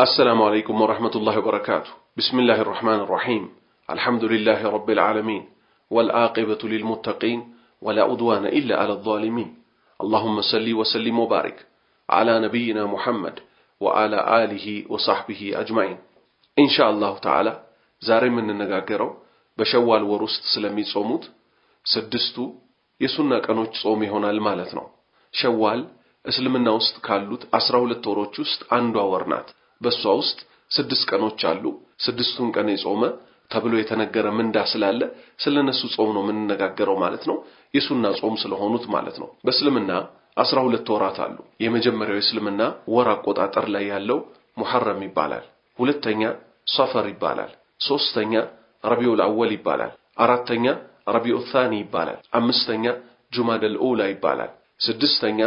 السلام عليكم ورحمة الله وبركاته بسم الله الرحمن الرحيم الحمد لله رب العالمين والآقبة للمتقين ولا أدوان إلا على الظالمين اللهم صل وسلم وبارك على نبينا محمد وعلى آله وصحبه أجمعين إن شاء الله تعالى زاري من በሸዋል بشوال ورست سلمي صوموت سدستو ቀኖች ጾም صومي هنا ነው። شوال اسلمنا وست كالوت አስራ ሁለት ወሮች ورنات በእሷ ውስጥ ስድስት ቀኖች አሉ። ስድስቱን ቀን የጾመ ተብሎ የተነገረ ምንዳ ስላለ ስለነሱ ጾም ነው የምንነጋገረው ማለት ነው። የሱና ጾም ስለሆኑት ማለት ነው። በእስልምና አስራ ሁለት ወራት አሉ። የመጀመሪያው የእስልምና ወር አቆጣጠር ላይ ያለው ሙሐረም ይባላል። ሁለተኛ ሰፈር ይባላል። ሶስተኛ ረቢዑል አወል ይባላል። አራተኛ ረቢዑ ታኒ ይባላል። አምስተኛ ጁማደል ኡላ ይባላል። ስድስተኛ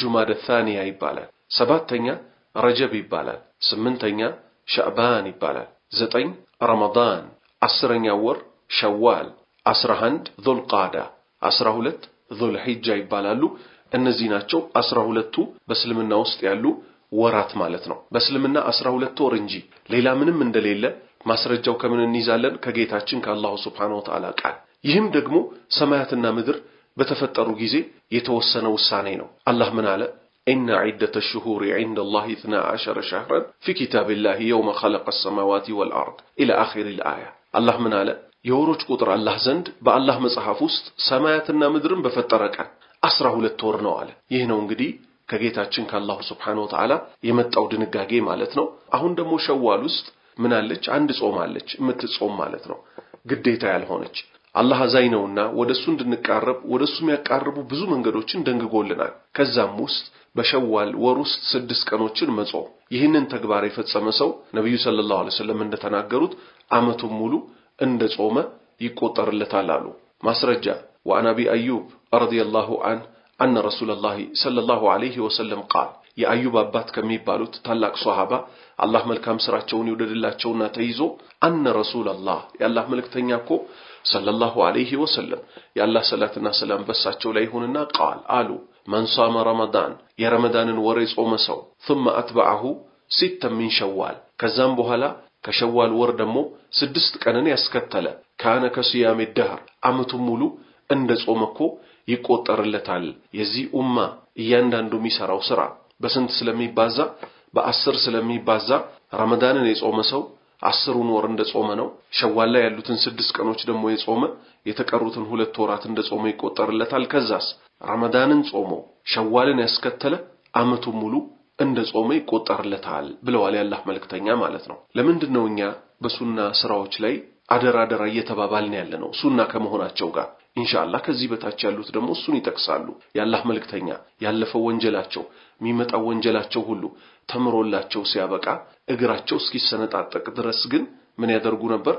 ጁማደ ታኒያ ይባላል። ሰባተኛ ረጀብ ይባላል። ስምንተኛ ሻዕባን ይባላል። ዘጠኝ ረመዳን፣ አስረኛ ወር ሸዋል፣ አስራ አንድ ዙል ቃዳ፣ አስራ ሁለት ዙል ሒጃ ይባላሉ። እነዚህ ናቸው አስራ ሁለቱ በእስልምና ውስጥ ያሉ ወራት ማለት ነው። በእስልምና አስራ ሁለት ወር እንጂ ሌላ ምንም እንደሌለ ማስረጃው ከምን እንይዛለን? ከጌታችን ከአላሁ ሱብሓነሁ ወተዓላ ቃል። ይህም ደግሞ ሰማያትና ምድር በተፈጠሩ ጊዜ የተወሰነ ውሳኔ ነው። አላህ ምን አለ? إن عدة الشهور عند الله اثنا عشر شهرا في كتاب الله يوم خلق السماوات والأرض إلى آخر الآية الله من አለ የወሮች ቁጥር አላህ ዘንድ በአላህ መጽሐፍ ውስጥ ሰማያትና ምድርን በፈጠረ ቀን አስራ ሁለት ወር ነው አለ። ይህ ነው እንግዲህ ከጌታችን ከአላሁ ስብሓን ወተዓላ የመጣው ድንጋጌ ማለት ነው። አሁን ደግሞ ሸዋል ውስጥ ምናለች አንድ ጾም አለች፣ የምትጾም ማለት ነው ግዴታ ያልሆነች አላህ አዛኝ ነውና ወደ እሱ እንድንቃረብ ወደ እሱ የሚያቃርቡ ብዙ መንገዶችን ደንግጎልናል። ከዛም ውስጥ በሸዋል ወር ውስጥ ስድስት ቀኖችን መጾም። ይህንን ተግባር የፈጸመ ሰው ነቢዩ ሰለላሁ ዐለይሂ ወሰለም እንደተናገሩት ዓመቱን ሙሉ እንደ ጾመ ይቆጠርለታል አሉ። ማስረጃ ወአን አቢ አዩብ ረዲየላሁ አንህ አነ ረሱለላሂ ሰለላሁ ዐለይሂ ወሰለም ቃል የአዩብ አባት ከሚባሉት ታላቅ ሶሃባ አላህ መልካም ስራቸውን ይውደድላቸውና ተይዞ አነ ረሱለላህ የአላህ መልእክተኛ እኮ ሰለላሁ ዐለይሂ ወሰለም የአላህ ሰላትና ሰላም በሳቸው ላይ ይሁንና ቃል አሉ መን ሳመ ረመዳን የረመዳንን ወር የጾመ ሰው ثم አትበዐሁ ሲተን ሚን ሸዋል ከዛም በኋላ ከሸዋል ወር ደግሞ ስድስት ቀንን ያስከተለ ካነ ከስያሜ ደህር ዓመቱን ሙሉ እንደ ጾመ እኮ ይቆጠርለታል። የዚህ ኡማ እያንዳንዱ የሚሰራው ስራ በስንት ስለሚባዛ በአስር ስለሚባዛ ረመዳንን የጾመ ሰው አስሩን ወር ጾመ ነው። ሸዋል ላይ ያሉትን ስድስት ቀኖች ደግሞ የጾመ የተቀሩትን ሁለት ወራት እንደ ጾመ ይቆጠርለታል። ከዛስ ረመዳንን ጾሞ ሸዋልን ያስከተለ አመቱን ሙሉ እንደ ጾመ ይቆጠርለታል ብለዋል ያላህ መልክተኛ ማለት ነው። ለምንድን ነው እኛ በሱና ስራዎች ላይ አደራ አደራ እየተባባልን ያለ ነው? ሱና ከመሆናቸው ጋር ኢንሻአላህ ከዚህ በታች ያሉት ደግሞ እሱን ይጠቅሳሉ። ያላህ መልክተኛ ያለፈው ወንጀላቸው የሚመጣው ወንጀላቸው ሁሉ ተምሮላቸው ሲያበቃ እግራቸው እስኪሰነጣጠቅ ድረስ ግን ምን ያደርጉ ነበር?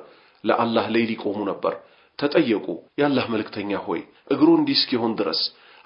ለአላህ ላይ ሊቆሙ ነበር። ተጠየቁ፣ የአላህ መልእክተኛ ሆይ እግሩ እንዲህ እስኪሆን ድረስ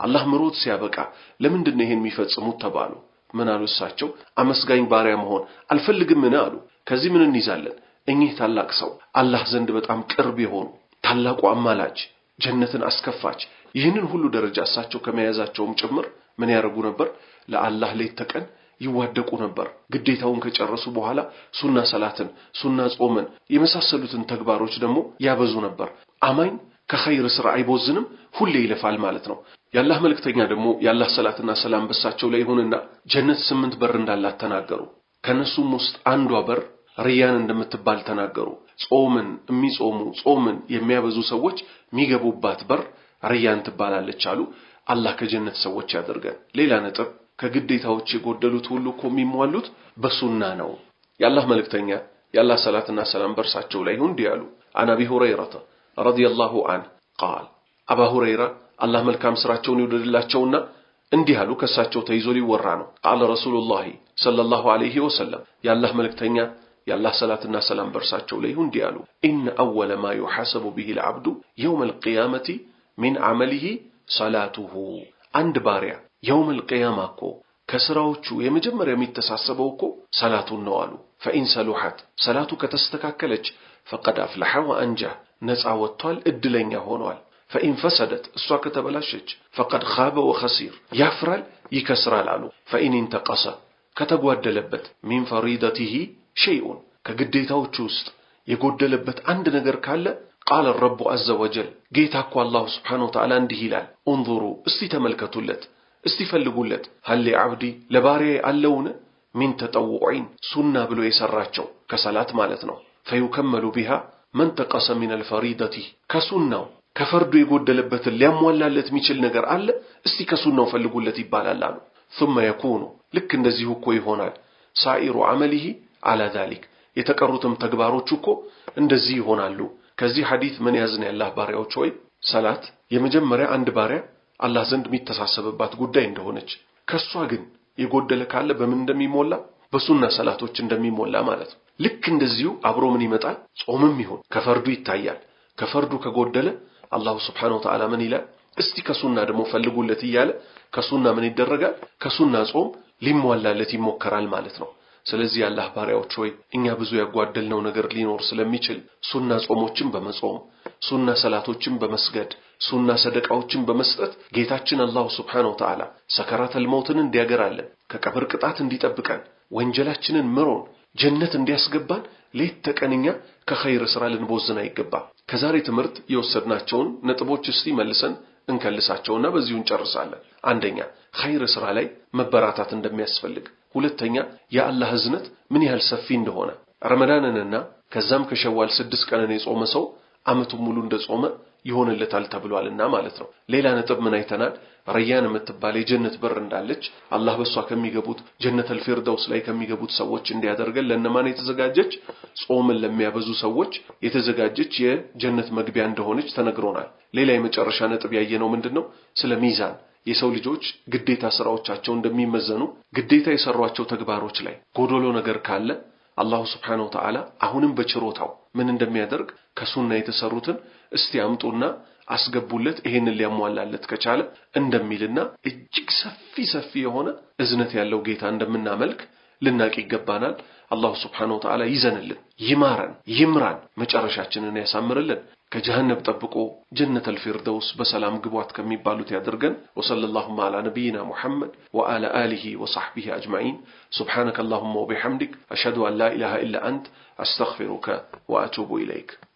አላህ ምሮት ሲያበቃ ለምንድን ነው ይሄን የሚፈጽሙት ተባሉ። ምን አሉ እሳቸው? አመስጋኝ ባሪያ መሆን አልፈልግምን አሉ። ከዚህ ምን እንይዛለን? እኚህ ታላቅ ሰው አላህ ዘንድ በጣም ቅርብ የሆኑ ታላቁ አማላጅ፣ ጀነትን አስከፋች፣ ይህንን ሁሉ ደረጃ እሳቸው ከመያዛቸውም ጭምር ምን ያደርጉ ነበር? ለአላህ ሌት ተቀን ይዋደቁ ነበር። ግዴታውን ከጨረሱ በኋላ ሱና ሰላትን፣ ሱና ጾምን የመሳሰሉትን ተግባሮች ደግሞ ያበዙ ነበር። አማኝ ከኸይር ስራ አይቦዝንም፣ ሁሌ ይለፋል ማለት ነው። የአላህ መልእክተኛ ደግሞ የአላህ ሰላትና ሰላም በሳቸው ላይ ይሁንና ጀነት ስምንት በር እንዳላት ተናገሩ። ከእነሱም ውስጥ አንዷ በር ርያን እንደምትባል ተናገሩ። ጾምን የሚጾሙ ጾምን የሚያበዙ ሰዎች የሚገቡባት በር ርያን ትባላለች አሉ። አላህ ከጀነት ሰዎች ያደርገን። ሌላ ነጥብ ከግዴታዎች የጎደሉት ሁሉ እኮ የሚሟሉት በሱና ነው። የአላህ መልእክተኛ የአላህ ሰላትና ሰላም በእርሳቸው ላይ ይሁን ያሉ አን አቢ ሁረይረተ ረዲየላሁ አን ቃል አባ ሁረይራ አላህ መልካም ስራቸውን ይውደድላቸውና እንዲህ አሉ። ከእሳቸው ተይዞ ሊወራ ነው። ቃለ ረሱሉላሂ ሰለላሁ ዐለይሂ ወሰለም የአላህ መልእክተኛ የአላህ ሰላትና ሰላም በእርሳቸው ላይ ይሁን እንዲህ አሉ። ኢነ አወለ ማ ዩሐሰቡ ቢሂ አብዱ የውመል ቂያመቲ ሚን ዐመሊሂ ሰላቱሁ አንድ ባሪያ يوم القيامة كو وشو تشو يمجمر يميت تساسبو كو صلاة النوالو فإن سلوحت صلاة كتستكا كلج فقد أفلح وأنجا نزع وطال والطال ادلين يهونوال فإن فسدت السواكة بلاشج فقد خاب وخسير يفرل يكسر العلو فإن انتقص كتقوى الدلبت من فريضته شيء كقدي وشوست يقول دلبت عند نجر كالا قال الرب عز وجل جيت الله سبحانه وتعالى عند هلال انظروا استي تملكتلت እስቲ ፈልጉለት። ሀሌ አብዲ ለባሪያ አለውን ሚን ተጠውዒን ሱና ብሎ የሰራቸው ከሰላት ማለት ነው። ፈዩከመሉ ቢሃ መንተቀሰ ሚን አልፈሪደቲ ከሱናው ከፈርዱ የጎደለበትን ሊያሟላለት የሚችል ነገር አለ። እስቲ ከሱናው ፈልጉለት ይባላል አሉ። ثم يكون ልክ እንደዚሁ እኮ ይሆናል ሳኢሩ አመሊሂ አላ ዛሊክ የተቀሩትም ተግባሮች እኮ እንደዚህ ይሆናሉ። ከዚህ ሐዲት ምን ያዝን? ያላህ ባሪያዎች ሆይ ሰላት የመጀመሪያ አንድ ባሪያ አላህ ዘንድ የሚተሳሰብባት ጉዳይ እንደሆነች ከእሷ ግን የጎደለ ካለ በምን እንደሚሞላ በሱና ሰላቶች እንደሚሞላ ማለት ነው። ልክ እንደዚሁ አብሮ ምን ይመጣል? ጾምም ይሆን ከፈርዱ ይታያል። ከፈርዱ ከጎደለ አላሁ ስብሓነሁ ወተዓላ ምን ይላል? እስቲ ከሱና ደግሞ ፈልጉለት እያለ ከሱና ምን ይደረጋል? ከሱና ጾም ሊሟላለት ይሞከራል ማለት ነው። ስለዚህ የአላህ ባሪያዎች ሆይ እኛ ብዙ ያጓደልነው ነገር ሊኖር ስለሚችል ሱና ጾሞችን በመጾም ሱና ሰላቶችን በመስገድ ሱና ሰደቃዎችን በመስጠት ጌታችን አላሁ ስብሓነሁ ወተዓላ ሰከራተል መውትን እንዲያገራለን፣ ከቀብር ቅጣት እንዲጠብቀን፣ ወንጀላችንን ምሮን ጀነት እንዲያስገባን ሌት ተቀንኛ ከኸይር ሥራ ልንቦዝን አይገባ። ከዛሬ ትምህርት የወሰድናቸውን ነጥቦች እስቲ መልሰን እንከልሳቸውና በዚሁ እንጨርሳለን። አንደኛ ኸይር ሥራ ላይ መበራታት እንደሚያስፈልግ፣ ሁለተኛ የአላህ ህዝነት ምን ያህል ሰፊ እንደሆነ ረመዳንንና ከዛም ከሸዋል ስድስት ቀንን የጾመ ሰው ዓመቱን ሙሉ እንደ ጾመ ይሆንለታል ተብሏልና ማለት ነው። ሌላ ነጥብ ምን አይተናል? ረያን የምትባል የጀነት በር እንዳለች አላህ በሷ ከሚገቡት ጀነት ፊርደውስ ላይ ከሚገቡት ሰዎች እንዲያደርገን ለእነማን የተዘጋጀች ጾምን ለሚያበዙ ሰዎች የተዘጋጀች የጀነት መግቢያ እንደሆነች ተነግሮናል። ሌላ የመጨረሻ ነጥብ ያየነው ምንድነው? ስለ ሚዛን የሰው ልጆች ግዴታ ስራዎቻቸው እንደሚመዘኑ ግዴታ የሰሯቸው ተግባሮች ላይ ጎዶሎ ነገር ካለ አላሁ ስብሓነሁ ወተዓላ አሁንም በችሮታው ምን እንደሚያደርግ ከሱና የተሰሩትን استيامتونا أسقبولت إهن اللي أموال لالت كتشالة عندما ميلنا إجيك سفي سفي هنا ازنتي اللو جيت عندما نعملك لنك إقبانا الله سبحانه وتعالى يزن اللي يمارن يمران مش أرشاتنا نيسامر اللي كجهنم تبقو جنة الفردوس بسلام قبوات كمي بالو تيادرقن وصلى اللهم على نبينا محمد وعلى آله وصحبه أجمعين سبحانك اللهم وبحمدك أشهد أن لا إله إلا أنت أستغفرك وأتوب إليك